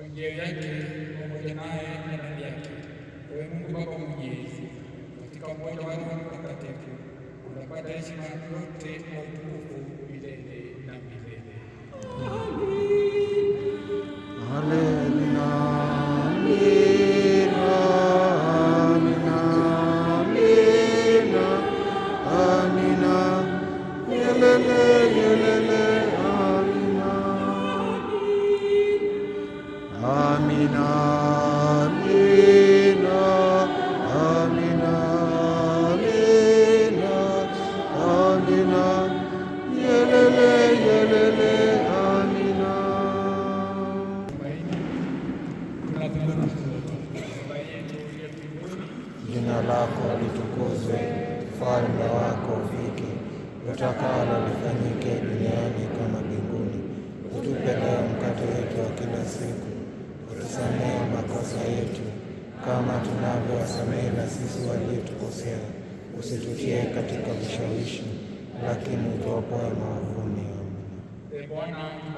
kwa njia yake pamoja naye na ndani yake. Ewe Mungu Baba Mwenyezi, katika umoja wa Roho Mtakatifu unapata heshima yote na utukufu milele na milele. Amina. Jina lako litukuzwe, falme wako ufike, utakalo lifanyike duniani kama makosa yetu kama tunavyowasamehe na sisi waliotukosea, usitutie katika vishawishi, lakini utuokoe maovuni. Amina.